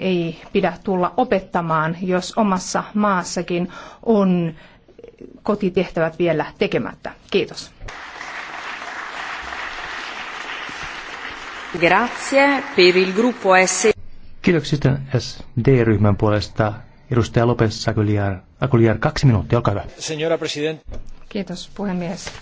ei pidä tulla opettamaan, jos omassa maassakin on kotitehtävät vielä tekemättä. Kiitos. Grazie per il gruppo S. Kiitoksia SD-ryhmän puolesta. Edustaja Lopes Aguilar, kaksi minuuttia, olkaa hyvä. Señora presidente. Kiitos puhemies.